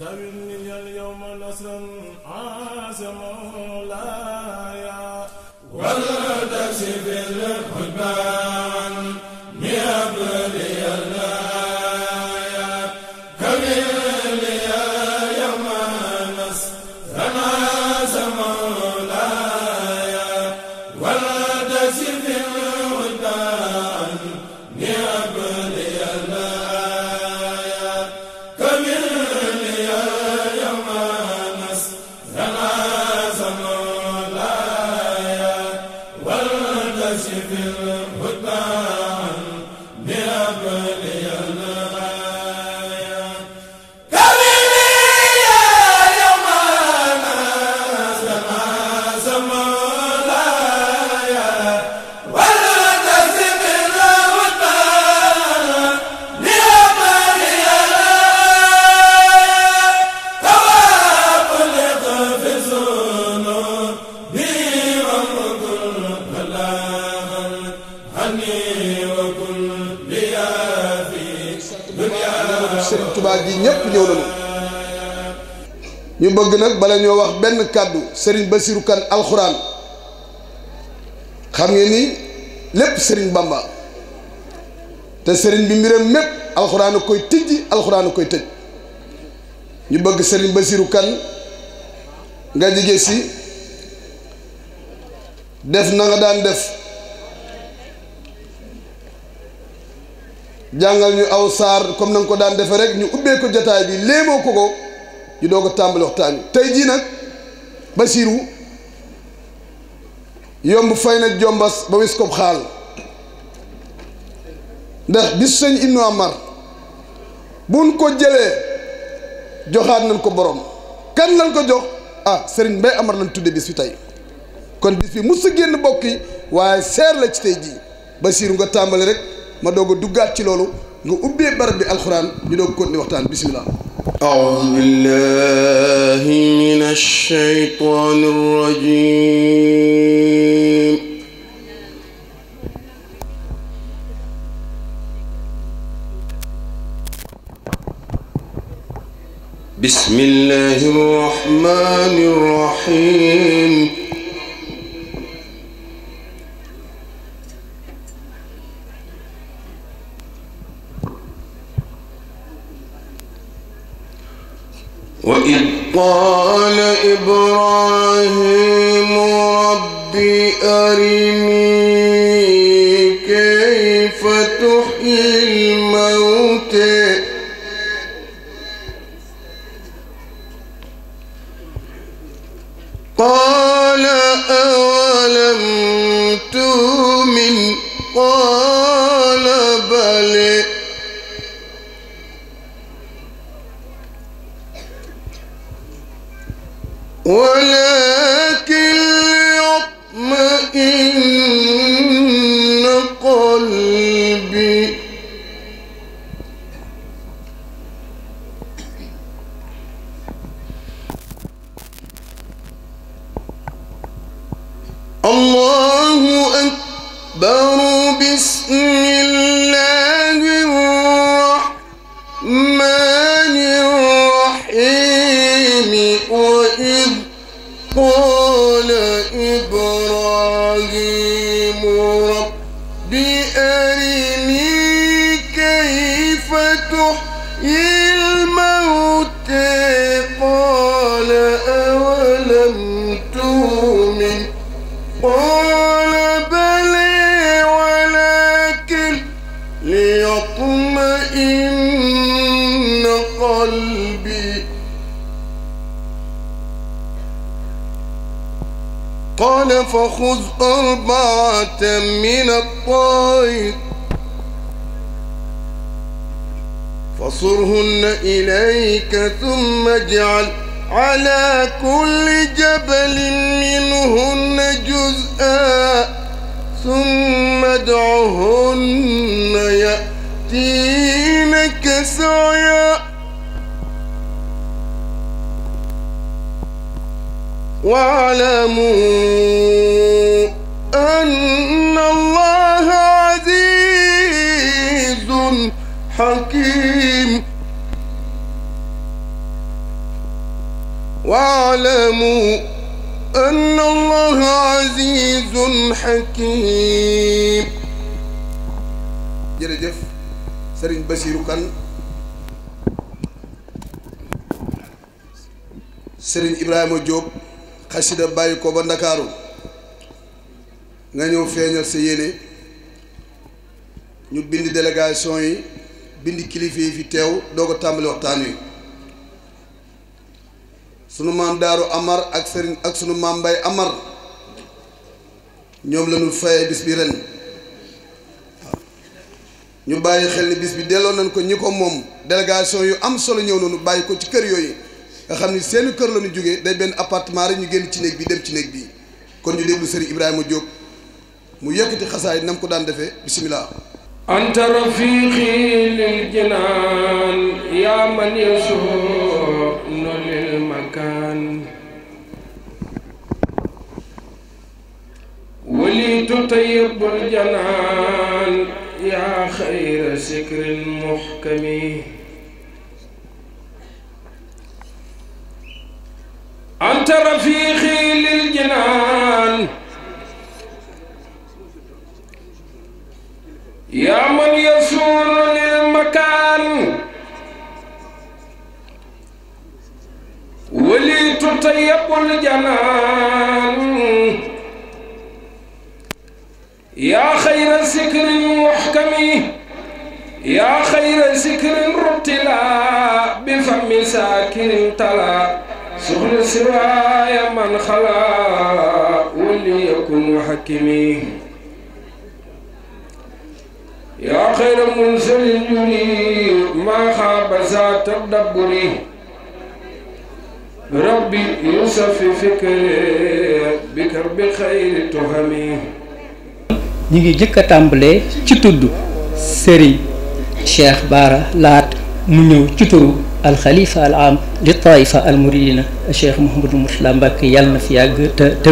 لا يبني اليوم نصرا Serigne Touba gi ñëpp ñëw nañu ñu bëgg nag bala ñoo wax benn kàddu sëriñ Bassirou kan alxuraan xam nga ni lépp sëriñ Bamba te sëriñ bi mbiram mépp alxuraan koy tijji alxuraan koy tëj ñu bëgg sëriñ Bassirou kan nga jige si def na nga daan def. jàngal ñu aw saar comme na nga ko daan defee rek ñu ubbee ko jataay bi léemoo ko ko ñu doog a tàmbali waxtaan wi tey jii nag Basiru yomb fay na jombas ba wis ko xaal ndax bis sëñ Ibnu Amar buñ ko jëlee joxaat nañ ko borom kan lañ ko jox ah sëriñ Mbay Amar lañ tudde bis bi tey kon bis bi mus sa génn bokki waaye seer la ci tey jii basiiru nga tàmbali rek ma doog a duggaat ci loolu nga ubbee barab bi alxuraan ñu doog continuer waxtaan bisimilah. أعوذ بالله من الشيطان الرجيم بسم الله الرحمن الرحيم وإذ قال إبراهيم رب أرني بأرني كيف تحيي الموتى قال أولم تؤمن قال بلى ولكن ليطمئن قلبي قال فخذ أربعة من الطائر فصرهن إليك ثم اجعل على كل جبل منهن جزءا ثم ادعهن يأتينك سعيا واعلموا أن واعلموا أن الله عزيز حكيم jërëjëf Serigne Bassirou Kane Serigne Ibrahima Diop xasida bàyyi ko ba Ndakaaru nga ñëw feeñal sa yéene ñu bind délégation yi bind kilifa yi fi teew doo ko tàmbali waxtaan wi sunu maam daaru amar ak sëriñ ak sunu maam mbay amar ñoom lañu faye bis bi ren ñu bàyyi xel ni bis bi delloo nañ ko ñi ko moom délégation yu am solo ñëw noonu bàyyi ko ci kër yooyu nga xam ni seen kër la ñu jógee day benn apartement rek ñu génn ci néeg bi dem ci néeg bi kon ñu déglu sëriñ Ibrahima jóg mu yëkkati xasaay nam ko daan defee bisimilah. anta rafiqi lil jinaan yaa man yasur وليت طيب الجنان يا خير سكر محكم أنت رفيقي للجنان يا من يسور للمكان وليت طيب الجنان يا خير ذكر محكم يا خير ذكر رتلا بفم ساكن تلا سخن سواي من خلا وليكن حكمي يا خير منزل جني ما خاب ذات الدبري ربي يوسف فكري بكرب خير تهمي ñu ngi jëkk a tàmbalee ci tudd sëriñ Cheikh Baara Laat mu ñëw ci turu alxalifa al am li taifa al muridina Cheikh Mouhamadou Mourtada Mbacke yàlla na fi yàgg te te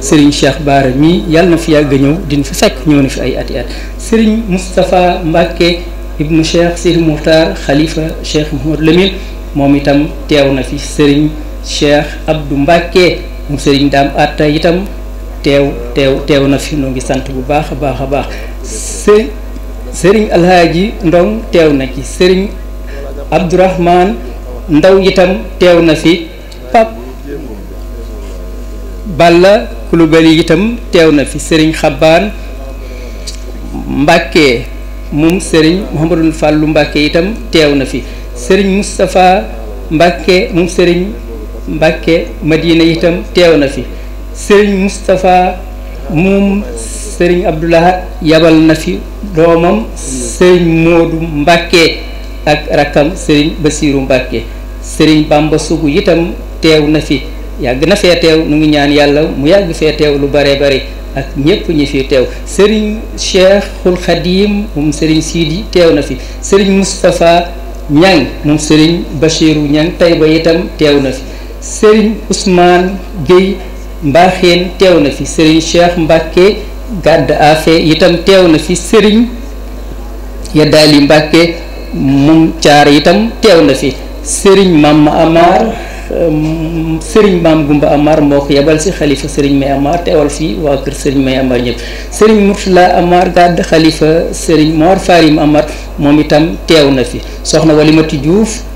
sëriñ Cheikh Baara mii yàlla na fi yàgg ñëw dina fi fekk ñëw na fi ay ati at sëriñ Moustapha Mbacke ibnu Cheikh Sidi Mouhtar xalifa Cheikh Mouhamadou Lamine moom itam teew na fi sëriñ Cheikh Abdou Mbacke mu sëriñ daam atta itam teew teew teew na fi nu ngi sant bu baax a baax a baax së sëriñ alhaaji ndong teew na ci sëriñ abdourahman ndaw itam teew na fi pap balla kulubali itam teew na fi sëriñ xabaan mbàkke moom sëriñ mouhamadul fàllu mbàkke itam teew na fi sëriñ moustapha mbàkke moom sëriñ mbàkke madina itam teew na fi sëriñ Moustapha moom sëriñ Abdoulahat yabal na fi doomam sëriñ Moodu Mbàkke ak rakkam sëriñ Basiiru Mbàkke sëriñ Bamba Sugu itam teew na fi yàgg na fee teew nu ngi ñaan yàlla mu yàgg fee teew lu bare bare ak ñépp ñi fi teew sëriñ Cheikhul Khadim moom sëriñ Sidi teew na fi sëriñ Moustapha Ñang moom sëriñ Bachiru Ñang Tayba itam teew na fi sëriñ Ousmane Gueye mbaaxeen teew na fi sëriñ Cheikh mbakke gàdd afe itam teew na fi sëriñ Yadaali mbakke mum caar itam teew na fi sëriñ ma Amar euh, sëriñ Mame Gumba Amar moo ko yebal si xalifa sëriñ May Amar teewal fi waa kër sëriñ May Amar ñëpp sëriñ Murtala Amar gàdd xalifa sëriñ Mor Farim Amar moom itam teew na fi soxna Walimati Diouf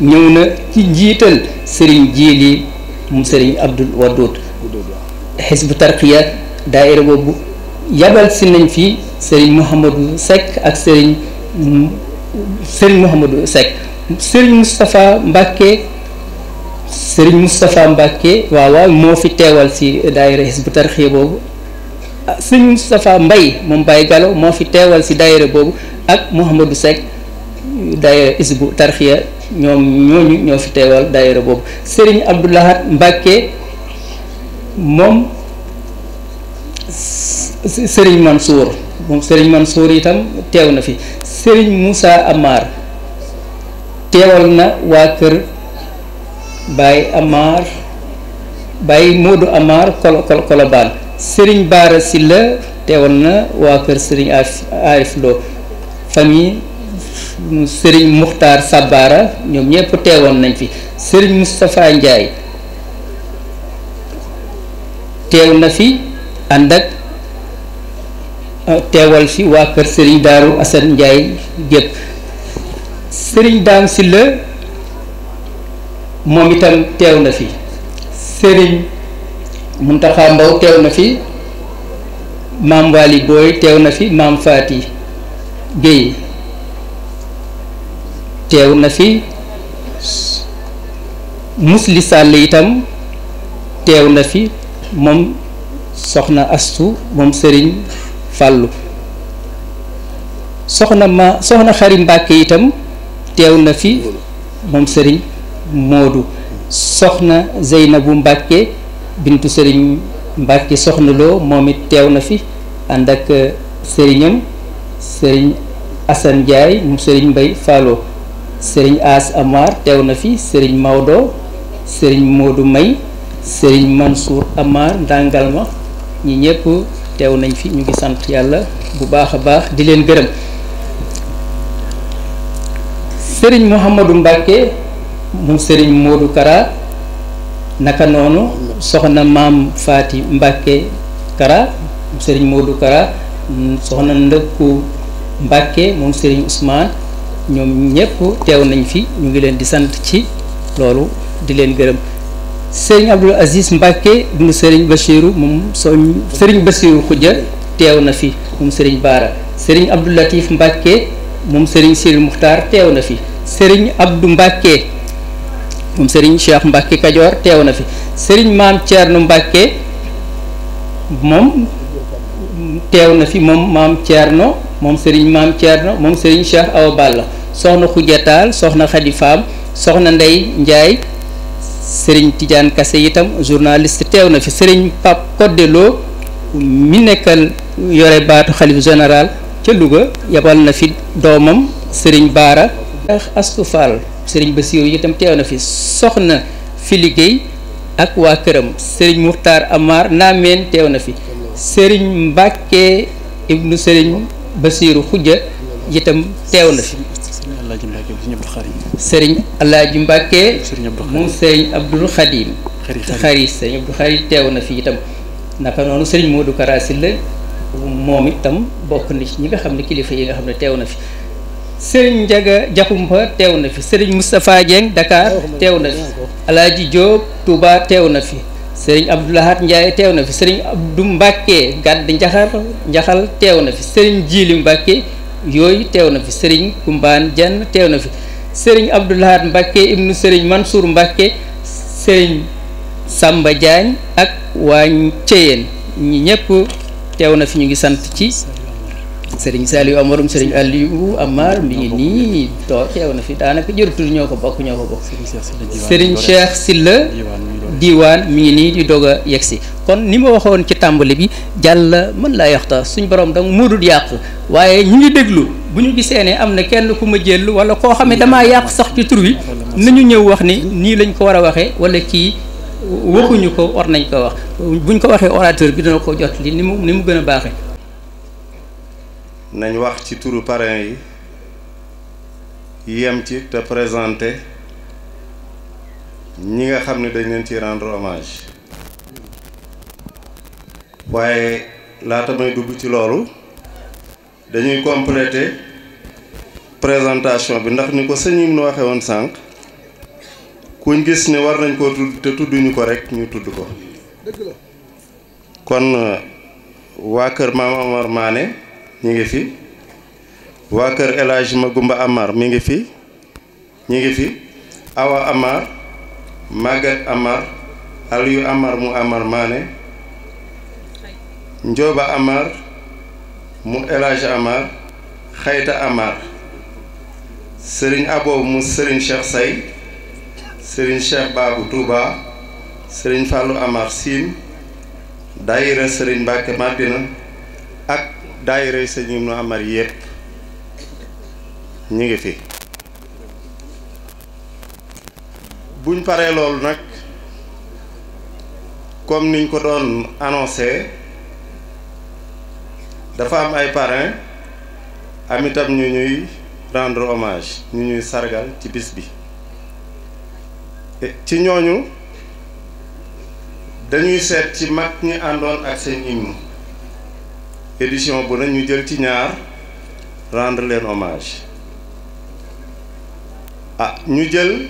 ñëw na ci njiital sëriñ Jiili mu sëriñ Abdul Wadoud xisbu tarqiya daayira boobu yabal si nañ fi sëriñ Mouhamadou Seck ak sëriñ sëriñ Mouhamadou Seck sëriñ Moustapha Mbacke sëriñ Moustapha Mbacke waaw waaw moo fi teewal si daayira xisbu tarqiya boobu sëriñ Moustapha Mbay moom Baye Gallo moo fi teewal si daayira boobu ak Mouhamadou Seck daayira isbu tarxiya ñoom ñooñu ñoo fi teewal daayira boobu sëriñ Abdou Lahad Mbacke moom sëriñ Mansour moom sëriñ Mansour itam teew na fi sëriñ Moussa Amar teewal na waa kër Baye Amar Baye Modou Amar Kolo Kolo Kolobaan Serigne Baara Silla teewal na waa kër Serigne Arif Arif Lo sëriñ Muxtaar Sabara ñoom ñëpp teewoon nañ fi sëriñ Moustapha Ndiaye teew na fi ànd ak euh, teewal fi waa kër sëriñ Daaru Assane Ndiaye gépp sëriñ Daam Silla moom itam teew na fi sëriñ Muntaxa Mbow teew na fi maam Waly teew na fi maam Faati Guèye teew na fi musli sàll itam teew na fi moom soxna astu moom sëriñ fàllu soxna xari mbàkke itam teew na fi moom sëriñ moodu soxna zeynabu mbàkke bintu sëriñ mbàkke soxna loo moom it teew na fi ànd ak uh, sëriñam sëriñ asan njaay moom sëriñ mbay fàlloo sëriñ As Amar teew na fi sëriñ Maodo sëriñ Modou May sëriñ Mansour Amar Ndangalma ñi ñëpp teew nañ fi ñu ngi sant yàlla bu baax a baax di leen gërëm sëriñ Mouhamadou Mbacke mu sëriñ Modou Kara naka noonu soxna maam Faati Mbacke Kara mu sëriñ Modou Kara soxna ndëkku Mbacke moom sëriñ Ousmane. ñoom ñëpp teew nañ fi ñu ngi leen di sant ci loolu di leen gërëm sëriñ Abdul Aziz Mbacke ibnu sëriñ Bachirou moom sooñ sëriñ Bachirou Khoudia teew na fi moom sëriñ Baara sëriñ Abdul Latif Mbacke moom sëriñ Siril Muxtaar teew na fi sëriñ Abdou Mbacke moom sëriñ Cheikh Mbacke Kajoor teew na fi sëriñ Maam Thierno Mbacke moom teew na fi moom Maam Thierno. moom sëriñ maam Thierno moom sëriñ Cheikh Awa Balla soxna Khoudia Tall soxna Khady soxna Ndey Ndiaye sëriñ Tidiane Kassé itam journaliste teew na fi sëriñ Pape Codelo mi nekkal yore baatu xalif général ca Louga yabal na fi doomam sëriñ Baara Astou Fall sëriñ Bassirou itam teew na fi soxna fi liggéey ak waa këram sëriñ Muxtaar Amar Naameen teew na fi sëriñ Mbàkke ibnu sëriñ Basiiru Xujja itam teew na fi. sëriñ Alaaji Mbàkke moom sëriñ Abdul Xadim xari sëriñ Abdul Xadim teew na fi itam naka noonu sëriñ Modou Karasil la moom itam bokk na ci ñi nga xam ne kilifa yi nga xam ne teew na fi sëriñ Njaga Jaxumpa teew na fi sëriñ Moustapha Dieng Dakar teew na fi Alaaji Jóob Touba teew na fi sëriñ abdoulahat ndiaye teew na fi sëriñ abdou mbàkke gàdd njaxal njaxal teew na fi sëriñ jiili mbàkke yooyu teew na fi sëriñ kumbaan jenn teew na fi sëriñ abdoulahat mbàkke ibnu sëriñ mansour mbàkke sëriñ sàmba jaañ ak waa ceyeen ñi ñëpp teew na fi ñu ngi sant ci sëriñ Saliou Amarum sëriñ Aliou Amar mi ngi nii too teew na fi daanaka jërutul ñoo ko bokk ñoo ko bokk sëriñ Cheikh Silla diiwaan mi ngi nii di dog a yegsi kon ni ma waxoon ci tàmbali bi jàll mën laa yaxta suñ borom danga mu dul yàq waaye ñu ngi déglu bu ñu gisee ne am na kenn ku ma jël wala koo xam ne damaa yàq sax ci tur wi ñu ñëw wax ni nii lañ ko war a waxee wala kii waxuñu ko war nañ ko wax buñ ko waxee orateur bi dana ko jot li ni mu ni mu gën a baaxe nañ wax ci tur parrain yi yem ci te présenté. ñi nga xam ne dañ leen ci rendre hommage waaye laata may dugg ci loolu dañuy compléter présentation bi ndax ni ko sëñ yi nu waxee woon sànq kuñ gis ni war nañ koo tudd te tudduñu ko rek ñu tudd ko kon uh, waa kër maam Omar Mané ñi ngi fi waa kër El ma Magoumba Amar mi ngi fi ñi ngi fi Awa Amar Maguette Amar Aliou Amar mu Amar Mané Njoba Amar mu El Hadj Amar Xayta Amar Serigne Abo mu Serigne Cheikh Say Serigne Cheikh Babou Touba Serigne Fallou Amar Sine daayira Serigne Mbacke Madina ak daayira Serigne Amar yépp ñu ngi fi. buñ paree loolu nag comme niñ ko doon annoncé dafa am ay parrains am itam ñu ñuy rendre hommage ñu ñuy sargal ci bis bi ci ñooñu dañuy seet ci mag ñi àndoon ak seen hymne édition bu ne ñu jël ci ñaar rendre leen hommage ah, ñu jël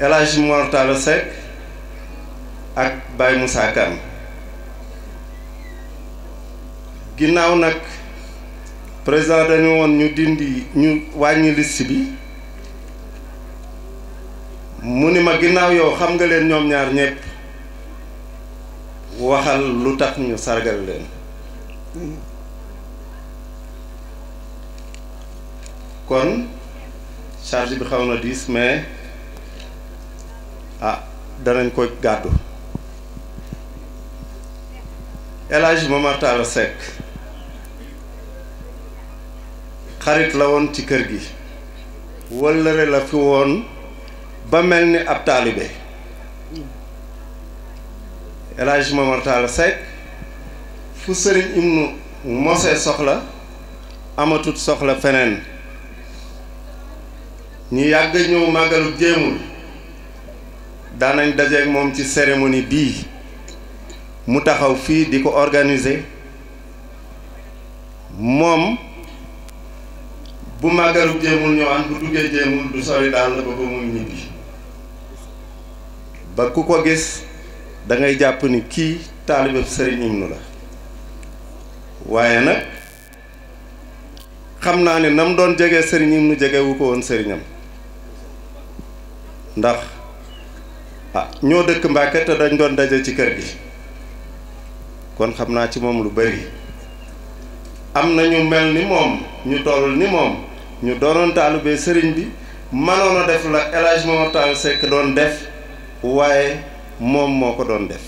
El Hadj Mor Talla ak Baye Moussa Kane ginnaaw nag président dañu woon ñu dindi ñu wàññi liste bi mu ni ma ginnaaw yow xam nga leen ñoom ñaar ñépp waxal lu tax ñu sargal leen kon charge bi xaw na diis mais ah danañ ko gàddu El Hadj Momar xarit la woon ci kër gi wëllëre la fi woon ba mel ni ab taalibe El Hadj Momar fu sëriñ Ibnu mosee soxla amatut soxla feneen ñu yàgg ñëw màggalu jéemul daanañ dajeeg moom ci cérémonie bii mu taxaw fii di ko organise moom bu màggalu jéemul ñëwaan bu duggee jéemul du sori daal la ba ba muy ñibbi ba ku ko gis dangay jàpp ni kii taalibeeb sëriñ Ibnu la waaye nag xam naa ne nam doon jege sëriñ Ibnu jegewu ko woon sëriñam ndax ah ñoo dëkk Mbàkke te dañ doon daje ci kër gi kon xam naa ci moom lu bari am na ñu mel ni moom ñu toll ni moom ñu doonoon taalibee sëriñ bi mënoon def la El Hadj Momar doon def waaye moom moo ko doon def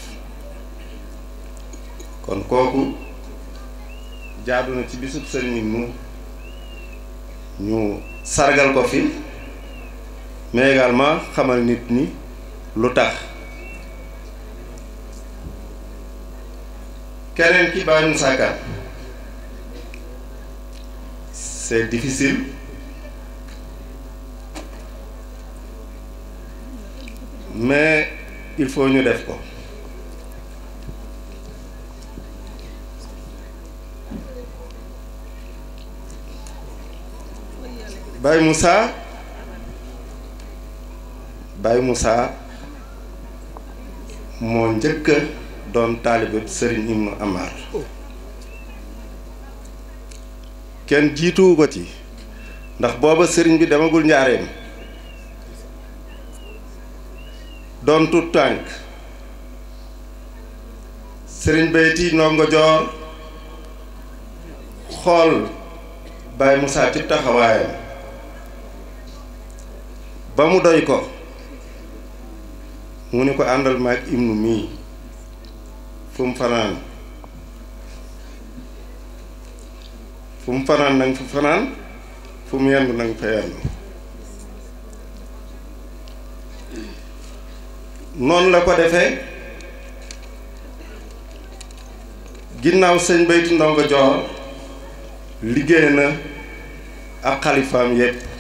kon kooku jaadu na ci bisub sëriñ mu ñu sargal ko fi mais également xamal nit ñi lu tax keneen ki Baye Moussa Kane c'est difficile mais il faut ñu def ko Baye Moussa Baye Moussa moo njëkk doon taalibe sëriñ mu Amar kenn jiituwu ko ci ndax booba sëriñ bi demagul njaareem doon tut tànk sëriñ bayti ndongo joor xool Baye Moussa ci taxawaayam ba mu doy ko mu ne ko àndal ma ak ibnu mii fu mu fanaan fu mu fanaan nanga fa fanaan fu mu yendu nanga fa yendu noonu la ko defee ginnaaw sëñ Bayti Ndongo Joor liggéey na ak xalifaam yépp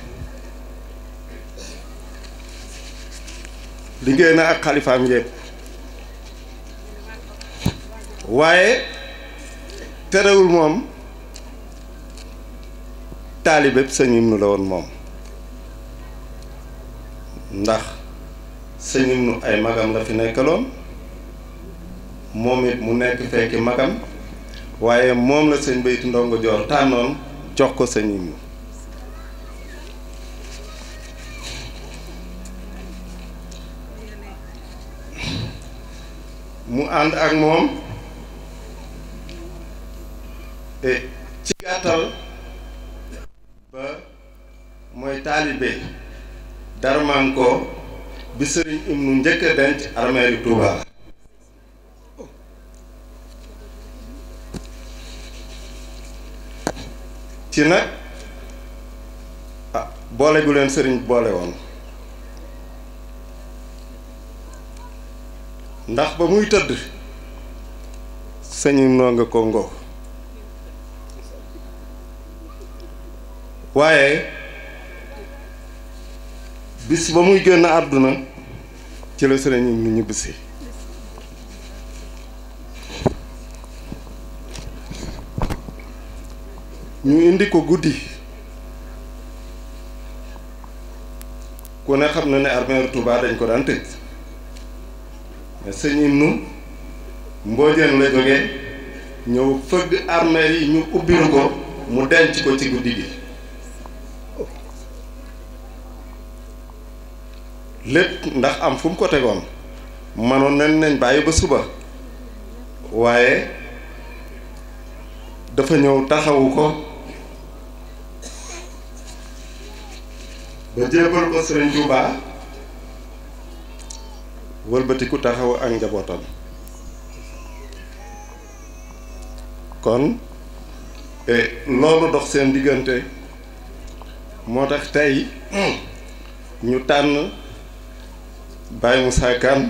liggéey na ak xalifaam yépp waaye terewul moom taalibeeb sëñ Ibnu la woon moom ndax sëñ Ibnu ay magam la fi nekkaloon moom it mu nekk fekki magam waaye moom la sëñ Baytu Ndongo Joor tànnoon jox ko sëñ mu ànd ak moom ci gàttal ba mooy taalibe darmaan ko bi sëriñ Ibnu njëkk a denc armeeri Tuuba ci nag ah boole gu leen sëriñ boole woon ndax ba muy tëdd sañu noo nga ko ngoo waaye bis ba muy génn àdduna ci la sëriñ ñu ñibbisi ñu indi ko guddi ku ne xam na ne armeeru Touba dañ ko daan tëj sëñ nu Mboojeen la jóge ñëw fëgg armeel yi ñu ubbil ko mu denc ko ci guddi gi lépp ndax am fu mu ko tegoon manoon nañ nañ bàyyi ba suba waaye dafa ñëw taxawu ko ba jébbal ko Sëriñ Tuubaa wëlbatiku taxawu ak njabootam kon e, loolu dox seen diggante moo tax tey ñu tànn Baye Moussa Kane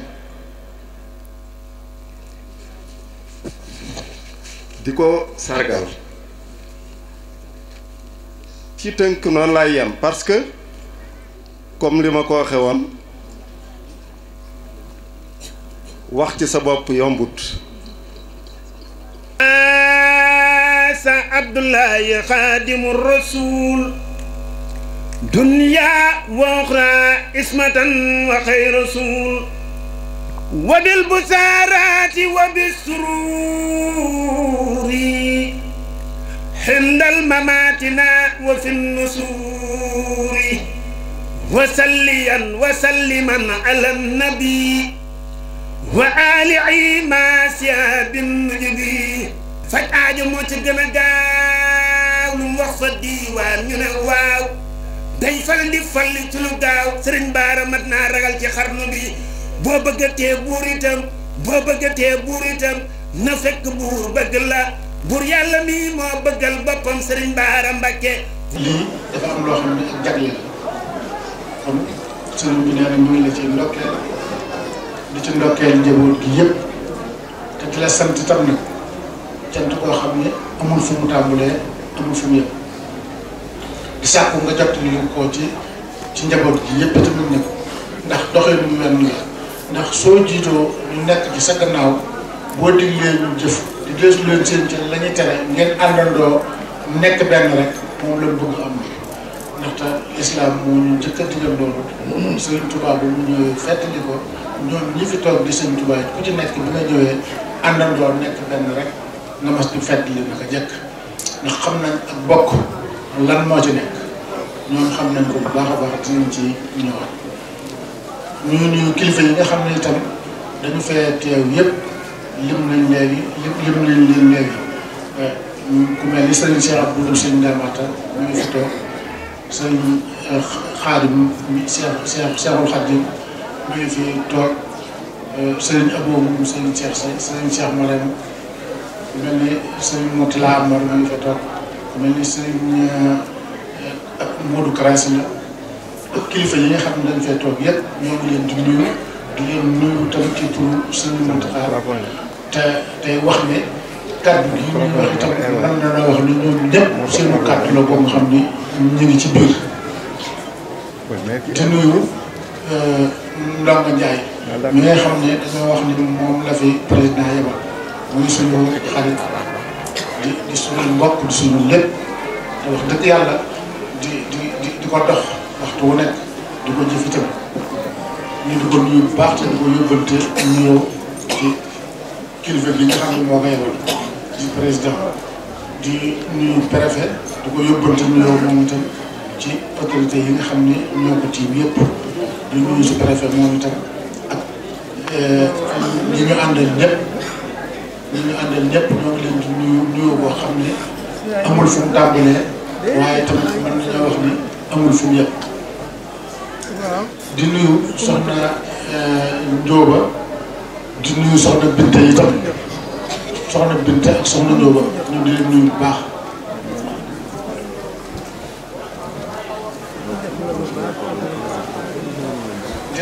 di ko sargal ci tënk noonu laay yem parce que comme li ma ko waxee woon wax ci sa bopp yombut sa abdullahi xaadimu rasul دنيا واخرى اسمة وخير رسول وبالبسارات وبالسرور حمد المماتنا وفي النسور وسليا وسلما على النبي وآل عيماس يا بن جدي فجأة جمعت جمداو من وقف الديوان ينواو day fal di fal ci lu gaaw sëriñ baara mat naa ragal ci xarnu bi boo bëggatee buur itam boo bëggatee buur itam na fekk buur bëgg la buur yàlla mi moo bëggal boppam sëriñ baara mbàkke lii dafa am loo xam ne ak jagleel kon sëriñ bi nee na ñu ngi la ci ndokkeel di ci ndokkeel njaboot gi yëpp te di la sant tam nag cant koo xam ne amul fu mu tàmbulee amul fu mu yëpp di sàkku nga jot li koo ci njaboot gi yëpp itam ne ko ndax doxee lu mel ni ndax soo jiitoo ñu nekk ci sa boo diglee ñu jëf di gëstu leen seen ci la tere ngeen àndandoo nekk benn rek moom lañ bëgg am ndaxte islam moo ñu njëkk a digal loolu Sëriñ Tuubaa bu mu ñëwee fettali ñoom ñi fi toog di sëñ Tuubaa ku ci nekk bi nga ñëwee àndandoo nekk benn rek nga mas di fedd li naka jëkk ndax xam nañ ak bokk lan moo ci nekk ñoom xam nañ ko bu baax a baax dinañ ci ñëwaat ñu nuyu kilifa yi nga xam ne itam dañu fee teew yëpp lim nañ léegi lim lim nañ leen léegi ku mel ni sëriñ Cheikh Abdoulaye sëriñ Ndamata ñu ngi fi toog sëriñ Xaadim Cheikh Cheikh Cheikhul Xaadim ñu ngi fi toog euh, sëriñ Abou sëriñ Cheikh sëriñ Cheikh Marème mel ni sëriñ Moutala Amar mu ngi mel ni sëriñ euh, ak Modou Karaas la ak kilifa yi nga xam ne dañ fay toog te wax ne ñu wax itam mën na la wax xam ni ñu ngi ci biir te nuyu. Euh, Ndongo Ndiaye. mi ngay xam ne dañoo wax ni moom la fi président yebal muy suñu xarit di di suñu mbokk di yàlla di di di di ko dox waxtu baax te di ko yóbbante ñëw ci kilifa bi nga xam ne moo ko yebal di président di nuyu préfet di ko yóbbante ñëw moom itam ci autorité yi nga xam ni ñoo ko tiim yëpp. di nuyu su préfet moom itam ak euh, ñi ñu àndal ñëpp ñi ñu àndal ñëpp ñoo leen di nuyu nuyu boo xam ne amul fu mu tàmbalee waaye tam mën nañoo wax ne amul fu mu yëpp di nuyu soxna euh, Ndioba di nuyu soxna Binte itam soxna Binte ak soxna Ndioba ñu di leen nuyu baax.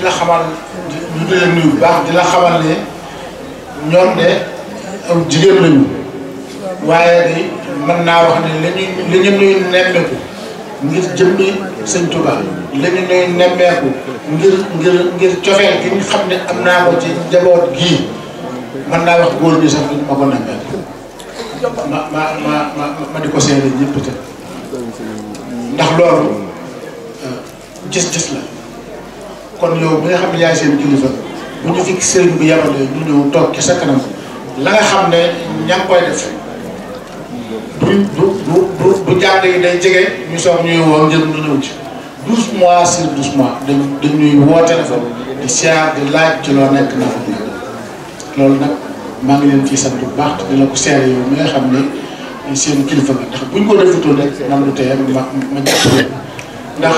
di la xamal di di nuyu baax di la xamal ne ñoom de am jigéen lañu waaye de mën naa wax ne li ñu li ñu nuyu nemmeeku ngir jëmmi sëñ Tuba li ñu nuyu nemmeeku ngir ngir ngir gi ñu xam ne am naa ko ci njaboot gii mën naa wax góor bi sax duñ ma ko nemmeeku ma ma ma di ko seede ñëpp te ndax loolu gis-gis la. kon yow bi nga xam ne yaay seen kilifa bu ñu fi sëriñ bi yemale ñu toog ci sa kanam la nga xam ne ña ngi koy def du du du du yi day jege ñu soog ñuy woo ngir ñu ñëw ci douze mois sur douze mois dañ dañuy woo téléphone di siyaar di laaj ci loo nekk na fa loolu nag maa ngi leen ciy sant bu baax te di la ko seer yow mi nga xam ne seen kilifa nga ndax buñ ko defutoon rek man du tee ma ma jàpp ndax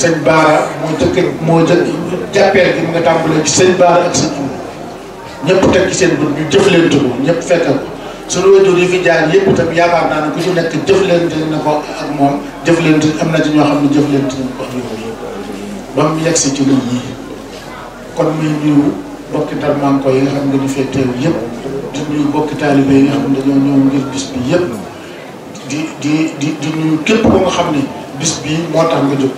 sëñ Baara moo jëkk moo jëkk jàppeel gi mu nga tàmbalee ci sëñ Baara ak sëñ Tuuba ñëpp teg ci seen dund ñu ko ñëpp fekkal ko suñu wajur yi fi jaar yëpp itam yaakaar naa ne ku ci nekk jëflante na ko ak moom jëflante am na ci ñoo xam ne jëflante nañ ko ak yow ba mu yegg si ci ñun kon muy nuyu bokki darmanko yi nga xam ne dañu fee teew yëpp di nuyu bokki taalibe yi nga xam ne dañoo ngir bis bi yëpp di di di di nuyu képp ko nga xam ni bis bii moo tax nga jóg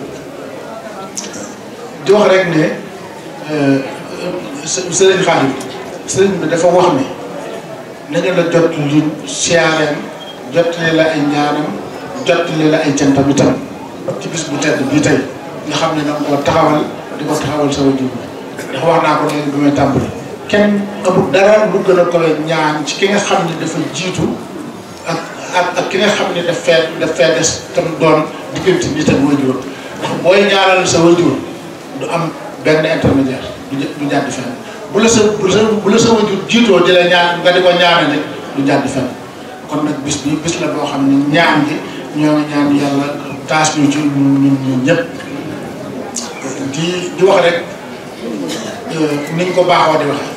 di wax rek ne sëriñ Xaadim sëriñ bi dafa wax ne nañu la jot li siyaareem jottali la ay ñaanam jottali la ay cantam itam ci bis bu tedd bii tey nga xam ne na ko taxawal di ko taxawal sama jiw ndax wax naa ko léegi bi may tàmbali kenn amul dara lu gën a koy ñaan ci ki nga xam ne dafa jiitu ak ak ki nga xam ne daf fee daf fee des doon diggante nit ak waajur ndax booy ñaanal sa waajur du am benn intermédiaire du du fenn bu la sa bu la bu la sa waajur jiitoo di ñaan nga di ko ñaanale du jàdd fenn kon nag bis bi bis la ñaan gi ñoo ngi ñaan ñu ci ñun di di wax rek euh, niñ ko baaxoo di waxee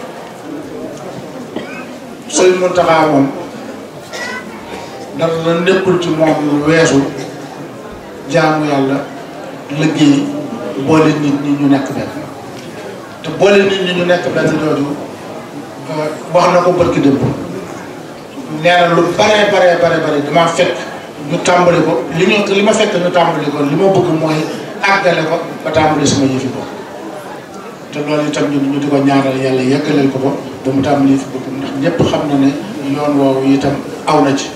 Sëriñ Mountakha moom dara nekkul ci lu jaamu yàlla liggéey boole nit ñi ñu nekk benn te boole nit ñi ñu nekk benn jooju euh, wax na ko barki démb lu bare bare bare bare damaa ñu tàmbali ko li ñu li ma fekk ñu tàmbali ko li ma bëgg mooy àggale ko ba tàmbali sama yëfi bopp te loolu itam ñun ñu di ko ñaanal yàlla yeggaleel ko ko ba mu tàmbali yëfi bopp ndax ñëpp xam na ne yoon woowu itam aw na ci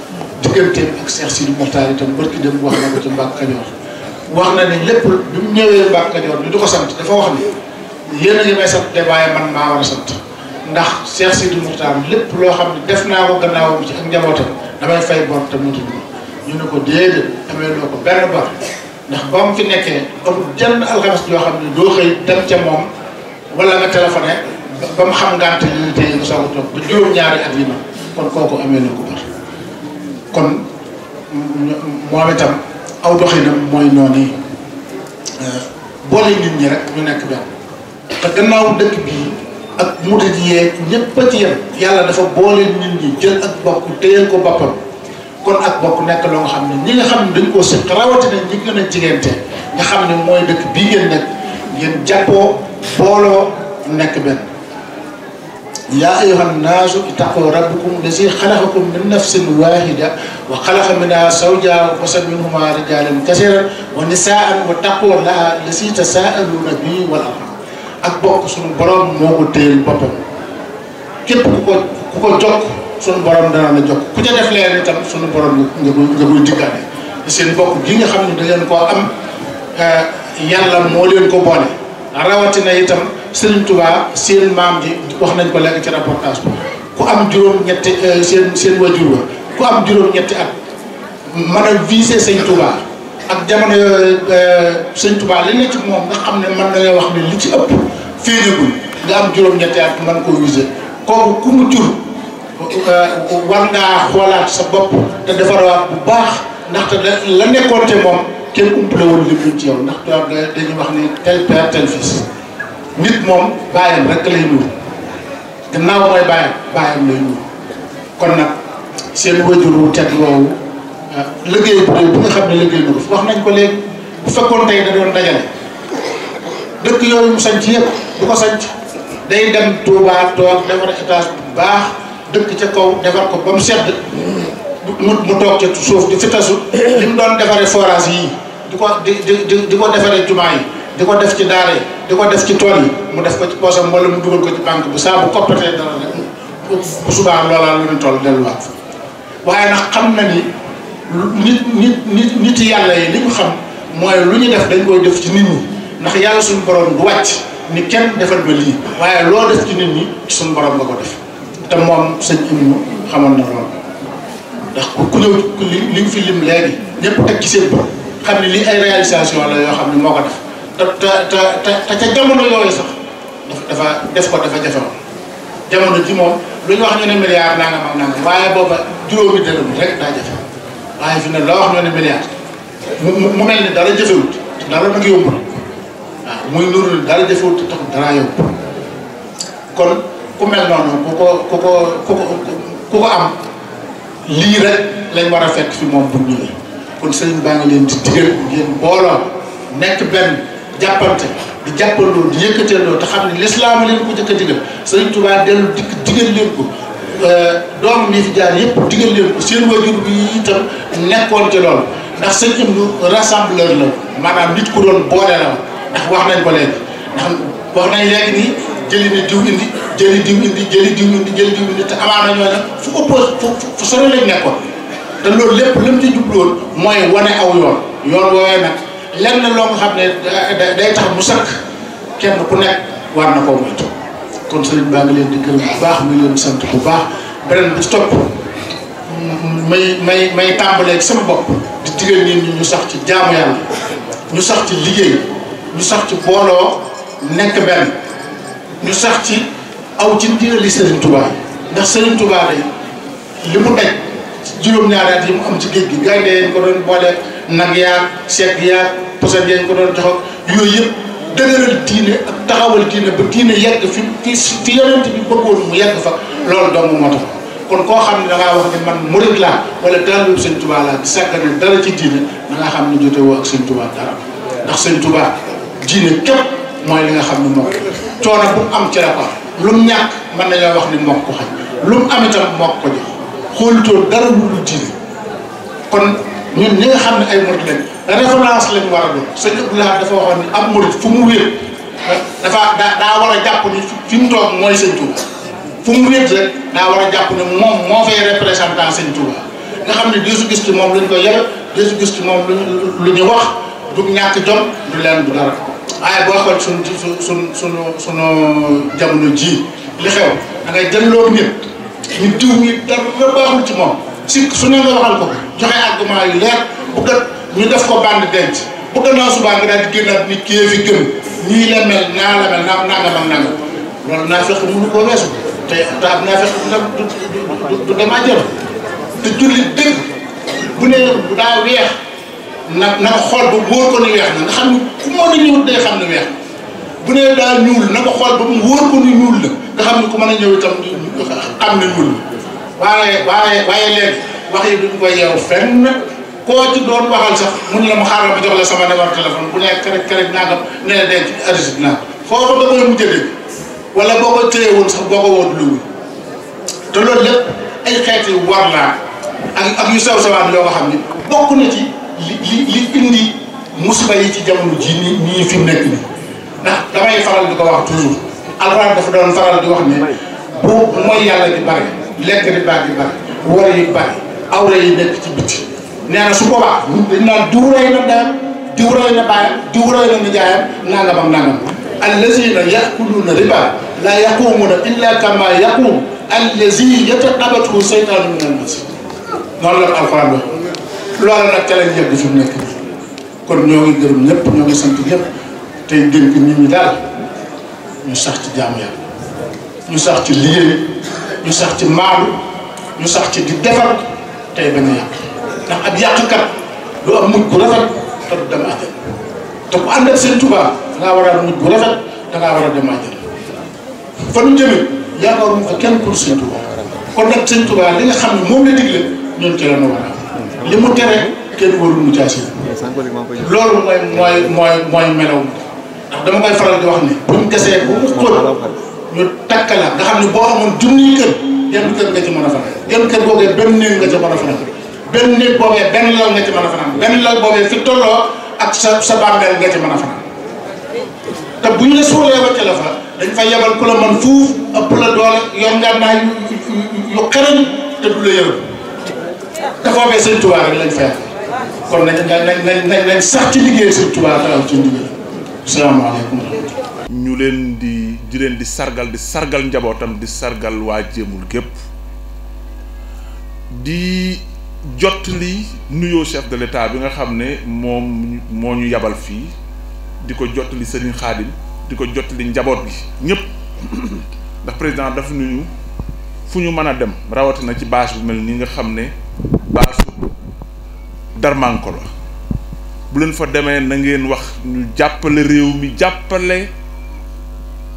digganteem ak Cheikh Sidi Mokhtar itam barki dem wax na ko ci Mbacke wax na ne lépp bi mu ñëwee Mbacke Kajoor du ko sant dafa wax ni yéen a ngi may sant de waaye man maa war a sant ndax Cheikh Sidi Mokhtar lépp loo xam ne def naa ko gannaawam ci ak njabootam damay fay bor te mënut ñu ne ko déedéet amee loo ko benn bor ndax ba mu fi nekkee amul jenn alxames yoo xam ne doo xëy dem ca moom wala nga téléphoné ba mu xam ngànt lii tey nga soog ko bor. kon moom itam aw doxinam mooy noonu euh, boole nit ñi rek ñu nekk benn te gannaaw dëkk bii ak murit yee ñëpp ci yem yàlla dafa boole nit ñi jël ak bokk téyal ko boppam kon ak bokk nekk loo xam ne ñi nga xam ne dañ koo sëq rawatina ñi gën a jigéente nga xam ne mooy dëkk bii ngeen nekk ngeen jàppoo booloo nekk benn يا أيها الناس اتقوا ربكم الذي خلقكم من نفس واحدة وخلق منها زوجا وقسم منهما رجالا كثيرا ونساء واتقوا الله الذي تساءلون به والأرحام أكبر سن برام مو تيل بابا كيف كوكو جوك سن برام دانا جوك كوجا دفلي أنا تام سن برام نجبو نجبو سن بوك جيني خامن دجان كو أم يالا موليون كو بوني أراواتي نايتام Serigne Touba seen maam ji wax nañ ko léegi ci reportage bi ku am juróom-ñetti euh, seen seen wajur wa ku am juróom-ñetti at mën a visé sëñ Touba ak jamono euh, sëñ Touba li ne ci moom xam ne mën nañoo wax ne li ci ëpp féerigul nga am juróom at mën koo visé kooku ku mu euh, war ngaa xoolaat sa bopp te defarawaat bu baax ndaxte la nekkoon moom kenn umpale woon lim ci yow ndax dañuy wax ni tel père tel fils nit moom bàyyam rek lay nuyu gannaaw mooy bàyyam bàyyam lay nuyu kon nag seen wajur wu teg woowu ah, liggéey bu bu nga xam ne liggéey wax nañ ko léegi bu fekkoon tey da doon dajale dëkk yooyu mu sanc yëpp du ko sanc day dem Touba toog defar étage bu baax dëkk ca kaw defar ko ba mu sedd mu mu toog ca suuf di fi tasu li mu doon defaree forage yi di ko di di di ko defaree jumaa yi di ko def ci daara yi di ko def ci tool yi mu def ko ci poosam wala mu dugal bu saa bu koppatee dara rek bu subaa loolaa lu ñu toll delluwaat waaye nag xam na ni nit nit nit nit yàlla yi li ñu xam mooy lu ñu def dañ koy def ci nit ñi ndax yàlla suñu borom du wàcc ni kenn defal ba lii waaye loo def ci nit ñi suñu borom nga ko def te moom sëñ Ibnu xamoon na loolu ndax ku ñëw li li fi lim léegi ñëpp teg ci seen bopp xam ne lii ay réalisation la yoo xam ne moo ko def. te te te te ca jamono yooyu sax dafa def ko dafa jafewoon jamono ji moom lu wax ñu ne milliard nangam ak nangam waaye booba fi ne loo wax ñu ne milliard mu mu mel ni dara jëfewut dara nag yomb na waaw muy nuru dara jëfewut te tax dara yomb kon ku mel noonu ku ko ku ko ku ko am lii rek lañ war a fekk fi moom bu ñëwee kon sëñ baa ngi leen di digal ngeen booloo nekk benn. jàppante di jàppandoo di yëkkateendoo te xam ne lislaam leen ko jëkk a digal sëriñ Tuubaa dellu dikk digal leen ko euh, doom nii fi jaar yëpp digal leen ko seen wajur bi itam nekkoon ci ndax sëñ Abdu rassembleur la maanaam nit la ko léegi ndax nañ léegi nii jëli ni diw indi jëli diw indi jëli diw indi jëli diw indi te fu oppose fu fu sori lañ nekkoon te loolu lépp lam ci jubloon mooy wane aw yoon yoon woowee nag lenn loo xam ne day tax mu sëkk kenn ku nekk war na koo moytu kon sëriñ baa ngi leen di gërëm bu baax mi leen sant bu baax beneen bu topp may may may tàmbalee sama bopp di digal nit ñu sax ci jaamu yàlla ñu sax ci liggéey ñu sax ci booloo nekk benn ñu sax ci aw ci ndigali Serigne Touba ndax Serigne Touba yi li mu daj jiróom ñaari yi mu am ci géej gi gaynde yeen ko doon boole nag yaag seet yaag poset yeen ko doon jox yooyu yëpp dëgëral diine ak taxawal diine ba diine yegg fi fi fi yonent bi bëggoon mu yegg fa loolu doomu moo tax kon koo xam ne dangaa ngaa wax ne man murit laa wala taalibu sëñ Tuubaa laa di sàggane dara ci diine da xam ni jotewoo ak sëñ Tuubaa dara ndax sëñ Tuubaa diine képp mooy li nga xam ne moom coono bu ko lu mu ñàkk mën nañoo wax ni moom ko xaj lu mu am itam ko jox xoolatoo dara lu dul kon ñun ñi nga xam ne ay murid lañ référence lañ war a doon sëñ Abdoulaye dafa waxoon ni am murid fu mu wéet dafa daa war a jàpp ni fi mu toog mooy sëñ Touba fu mu wéet rek war a jàpp ne moom moo fay représentant sëñ Touba nga xam ne deesu gis ci moom lu ñu ko yore deesu gis ci moom lu ñu wax du ñàkk jom du leen du dara waaye boo xool suñ suñ suñ suñu suñu jamono ji li xew da jël loolu nit ñu diw mi dara baaxul ci moom si su ne nga waxal ko joxe argument yu leer bu ñu def ko bànd denc bu gannaaw subaa nga daal di génnaat ni kii fi gën nii la mel naa la mel naam nangam ak nangam loolu naa fekk mënu koo weesu te te naa fekk du du du damaa jël te jullit dëgg bu ne daa weex na na xool ba wóor ko ni weex na nga xam ne ku moo na ñëwut day xam ne weex bu nee daa ñuul na ko xool ba mu wóor ko ni ñuul la nga xam ne ku mën a ñëw tam xam ne ñuul la waaye waaye waaye léegi wax yi duñ ko yeew fenn koo ci doon waxal sax la mu xaaral ma jox la sama numéro téléphone bu nekk kerek kerek nangam ne la denc arrêté naa ko foo ko wala boo ko téye woon sax boo ko woo dul te loolu lépp ay xeeti war laa ak ak yu sew sewaan yoo nga xam ni bokk na ci li li indi musiba yi ci jamono ji nii fi mu nii. ndax damay faral di ko wax toujours alxuraan dafa doon faral di wax ne bu mooy yàlla di bari lekk di baax di bari war yi bari awra yi nekk ci bitti nee na su boobaa dañ naan diwrooy na dayam diwrooy na baayam diwrooy na nijaayam nangamam nangam allazina yakuluna riba la yaqumuna illa kama yaqum allazi yatanabathu seytaanu min al nas noonu la ko alxuraan wax loola nag ca lañ yegg fi mu nekk kon ñoo ngi gërëm ñëpp ñoo ngi sant ñëpp tey dénk nit ñi daal ñu sax ci jaamu ñu sax ci liggéey ñu sax ci maalu ñu sax ci di defar tey bañ a yàq ndax ab yàqkat du am mujj bu rafet te du dem àjjana te bu ànd ak seen Tuubaa dangaa war a am mujj bu rafet dangaa war a dem àjjana fa ñu jëmee yaakaar mu kenn ku seen Tuubaa kon nag seen Tuubaa li nga xam ne moom la digle ñun ci la ñu war a li mu tere kenn warul mu loolu mooy mooy mooy mooy melaw ndax dama koy faral di wax ne buñ gasee bu mu xóot ñu takk la nga xam ne boo amoon junniy kër genn kër nga ci mën a fanaan genn kër boogee benn néeg nga ci mën a fanaan benn néeg boobee benn lal nga ci mën a fanaan benn lal boobee fi tolloo ak sa sa bàmmeel nga ci mën a fanaan te bu ñu la suulee wàcce la fa dañ fa yebal ku la man fuuf ëpp la doole yor nga naa yu xarañ te du la yërëm te foofee sëñ Tuubaa a lañ fa kon nañ nañ nañ liggéey sëñ Tuubaa te ci salaamaaleykum wa ñu leen di di di sargal di sargal njabootam di sargal waa jéemul di jot li nuyoo chef de bi nga xam ne moom moo ñu yabal fii di ko jot li Serigne Khadim di ko jot li njaboot gi ñëpp ndax président daf nuyu fu ñu mën a dem rawatina ci baas bu mel nii nga xam ne bâche Darmanko la bu len fa demé na ngeen wax ñu jappalé réew mi jappalé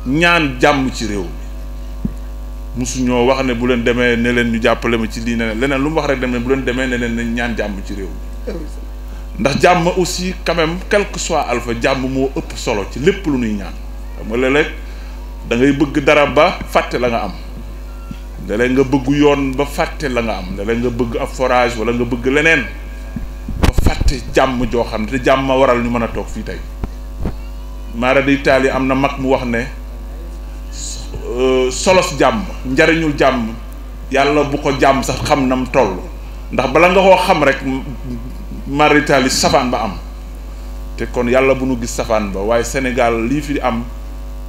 ñaan jamm ci réew mi musu ñoo wax né bu len demee né len ñu jappalé ma ci li né leneen lu mu wax rek dem bu len demee né leen ñaan jamm ci réew mi ndax jamm aussi quand même quel que soit alpha jamm mo ëpp solo ci lépp lu ñuy ñaan xam nga léeg da ngay bëgg dara ba faté la nga am da léeg nga bëgg yoon ba faté la nga am da léeg nga bëgg forage wala nga bëgg leneen te jam jo xamne te jam ma waral ñu mëna tok fi tay di tali am mak mu wax ne euh, solos jam njariñul jam yalla bu ko jam sax xam nam toll ndax bala nga ko xam rek maara di tali safaan ba am te kon yalla bu nu gis safaan ba waye senegal li fi am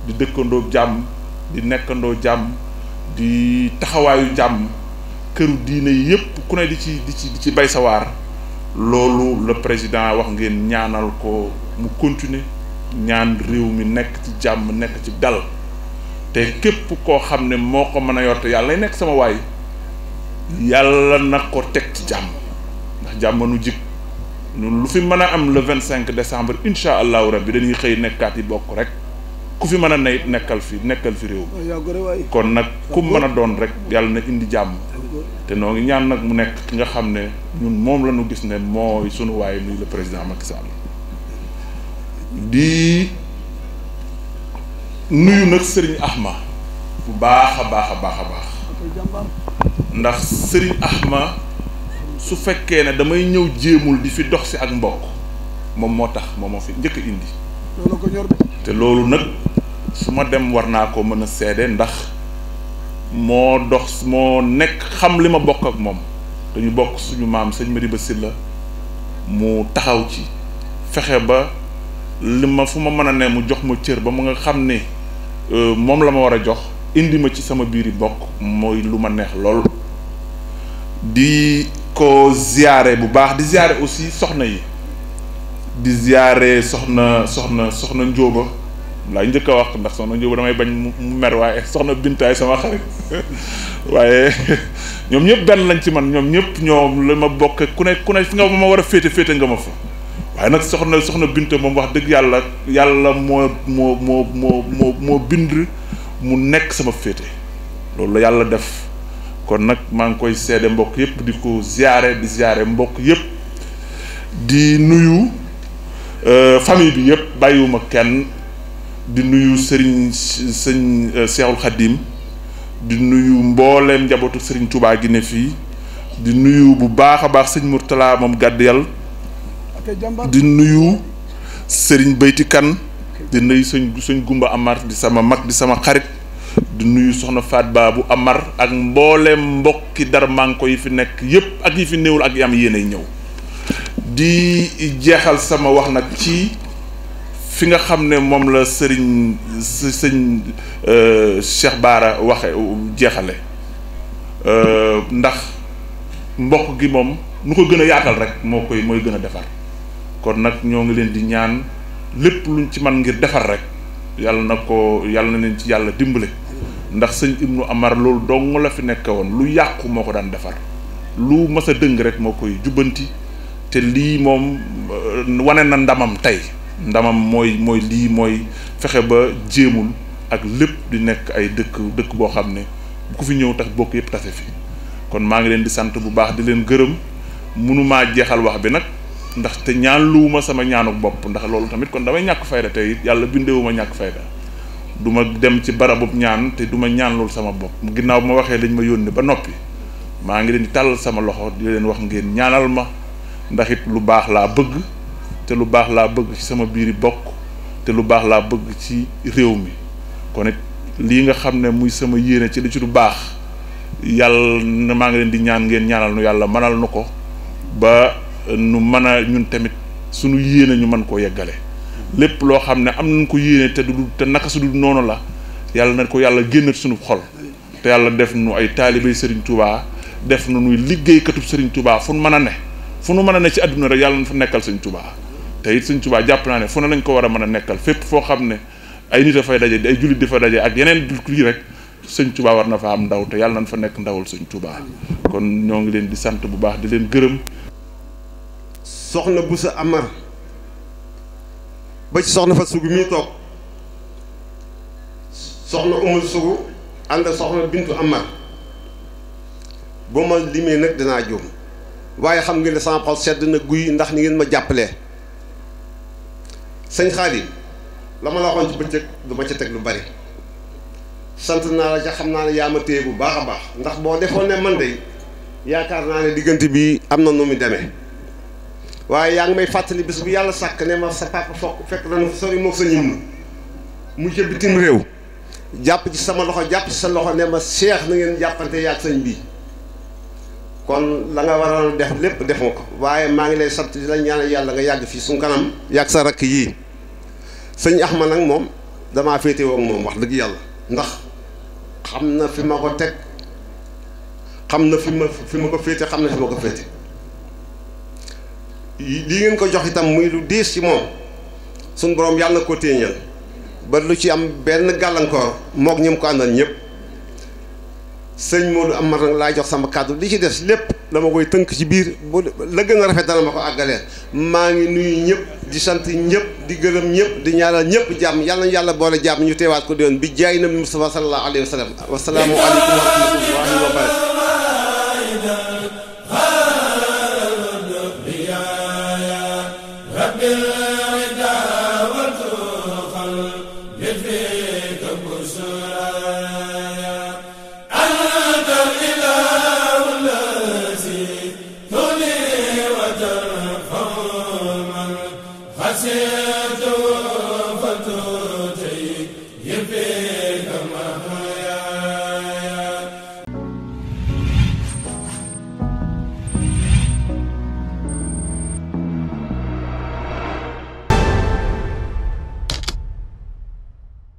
di dekkando jam di nekkando jam di taxawayu jam këru diine yep ku ne di ci di ci di ci bay sa loolu la président wax ngeen ñaanal ko mu continuer ñaan réew mi nekk ci jàmm nekk ci dal te képp koo xam ne moo ko mën a yor te yàlla nekk sama waay yàlla na ko teg ci jàmm ndax jàmm nu jik ñun lu fi mën a am le vingt cinq décembre incha allahu rabbi dañuy xëy nekkaat yi bokk rek ku fi mën a ne nekkal fi nekkal fi réew mi kon nag ku mën a doon rek yàlla na indi jàmm té no ngi ñaan nak mu nekk nga xamné ñun mom lañu gis né moy suñu waaye muy le président Macky Sall di nuyu nak Serigne Ahma bu baaxa baaxa baaxa baax ndax Serigne Ahma su fekkee ne damay ñëw jéemul di fi dox si ak mbokk mom moo tax moom moo fi njëkk indi te loolu nag su dem warna ko mëna sédé ndax moo dox moo nekk xam li ma bokk ak moom dañu bokk suñu maam sëñ Madiba Sylla mu taxaw ci fexe ba li ma fu ma mën a ne mu jox ma cër ba mu nga xam ne euh, moom la ma war a jox indi ma ci sama biir yi bokk mooy lu ma neex lool di ko ziyaare bu baax di ziyaare aussi soxna yi di ziyaare soxna soxna soxna Njóoba laa njëkk a wax ndax soxna Njóobu damay bañ mu mer waaye soxna Bintaay sama xarit waaye ñoom ñëpp benn lañ ci man ñoom ñëpp ñoom la ma bokk ku ne ku ne fi nga ma war a féete féete nga ma fa waaye nag soxna soxna Binta moom wax dëgg yàlla yàlla moo moo moo moo moo bind mu nekk sama féete loolu la yàlla def kon nag maa ngi koy seede mbokk yëpp di ko ziare di ziare mbokk yëpp di nuyu euh, famille bi yëpp bàyyiwuma kenn di nuyu sëriñ sëñ Seexul Xaddim di nuyu mboolem njabootu sëriñ Touba gi ne fii di nuyu bu baax a baax sëñ Mourtala moom gàdd yàlla di nuyu sëriñ Bayti Kan di nuyu sëñ sëñ Gumba Amar di sama mag di sama xarit di nuyu soxna Faat Ba bu Amar ak mboolem mbokki dara manko yi fi nekk yépp ak yi fi néewul ak yi am yéenay ñëw di jeexal sama wax nag ci fi nga xam ne moom la sëriñ sëñ euh, Cheikh Baara waxe jeexale euh, ndax mbokk gi moom nu ko gën a yaatal rek moo koy mooy gën a defar kon nag ñoo ngi leen di ñaan lépp luñ ci man ngir defar rek yàlla na ko yàlla na leen ci yàlla dimbale ndax sëñ Ibnu Amar loolu dong la fi nekk woon lu yàqu moo ko daan defar lu mës a dëng rek moo koy jubbanti te lii moom euh, wane na ndamam tey ndamam moy moy li moy, fexé ba djémul ak lepp di nek ay dëkk dëkk bo xamné ne ku fi ñëw tax bokk yépp tafé fi kon ma ngi leen di sant bu baax di leen gërëm mënumaa jéxal wax bi nak ndax té ñaan luwuma sama ñaanuk bop ndax loolu tamit kon damay ñak fayda tay it yàlla bindewuma ñak fayda duma dem ci barabub ñaan te duma ma ñaan sama bop, ginnaw bu ma waxé dañ ma yónni ba nopi ma ngi leen di talal sama loxo di leen wax ngeen ñaanal ma ndax it lu baax la bëgg te lu baax laa bëgg ci sama biir bokk te lu baax laa bëgg ci réew mi kon it lii nga xam ne muy sama yéene ci li ci lu baax yàlla na maa ngi leen di ñaan ngeen ñaanal nu yàlla mënal nu ko ba nu mën a ñun tamit sunu yéene ñu mën koo yeggale lépp loo xam ne am nañ ko yéene te du te naka su dul noonu la yàlla na ko yàlla génnat sunu xol te yàlla def nu ay taalibey Serigne Touba def nu nuy liggéeykatub Serigne Touba fu nu mën a ne fu nu mën a ne ci àdduna re yàlla na fa nekkal Serigne Touba te it Sëñ jàpp naa ne fu ne lañ ko war a mën a nekkal fépp foo xam ne ay nit a fay daje ay jullit di fa daje ak yeneen yi rek Sëñ Tuubaa war na fa am ndaw te yàlla nañ fa nekk ndawal Sëñ Tuubaa kon ñoo ngi leen di sant bu baax di leen gërëm. soxna Boussa Amar ba ci soxna fa sugu mii toog soxna Umul Sugu ànd soxna Bintu Amar boo ma limee nag dinaa juum waaye xam ngeen ne sama xol sedd na guy ndax ni ngeen ma jàppalee. sëñ Xaalid la ma la waxoon ci bëccëg du ma ci teg lu bari sant naa la ca xam naa ne yaa ma téye bu baax a baax ndax boo defoon ne man de yaakaar naa ne diggante bi am na nu muy demee waaye yaa ngi may fàttali bis bu yàlla sàkk ne ma sa papa fokk fekk na sori moog sa ñim mu jëm bitim réew jàpp ci sama loxo jàpp ci sa loxo ne ma seex na ngeen jàppante yaag sañ bii kon la nga war waroon def lépp def nga ko waaye maa ngi lay sant di la ñaanal yàlla nga yàgg fii suñu kanam yàgg sa rakk yii sëñ Axma nag moom damaa féete woog moom wax dëgg yàlla ndax xam na fi ma ko teg xam na fi ma fi ma ko féete xam na fi ma ko féete lii ngeen ko jox itam muy lu diis ci moom suñ borom yàlla na ko téeñal ba lu ci am benn gàllankoor mook ñi mu ko àndal ñëpp. sëñ am Amar nag laa jox sama kàddu li ci des lépp dama koy tënk ci biir bu la gën a rafet dana ma ko àggalee maa ngi nuyu ñëpp di sant ñëpp di gërëm ñëpp di ñaanal ñëpp jàmm yàlla na yàlla boole jàmm ñu teewaat ko déwén bi jaay na Mustafa sallallahu alayhi wa sallam wasalaamu aleykum wa rahmatullahi wa barakatuh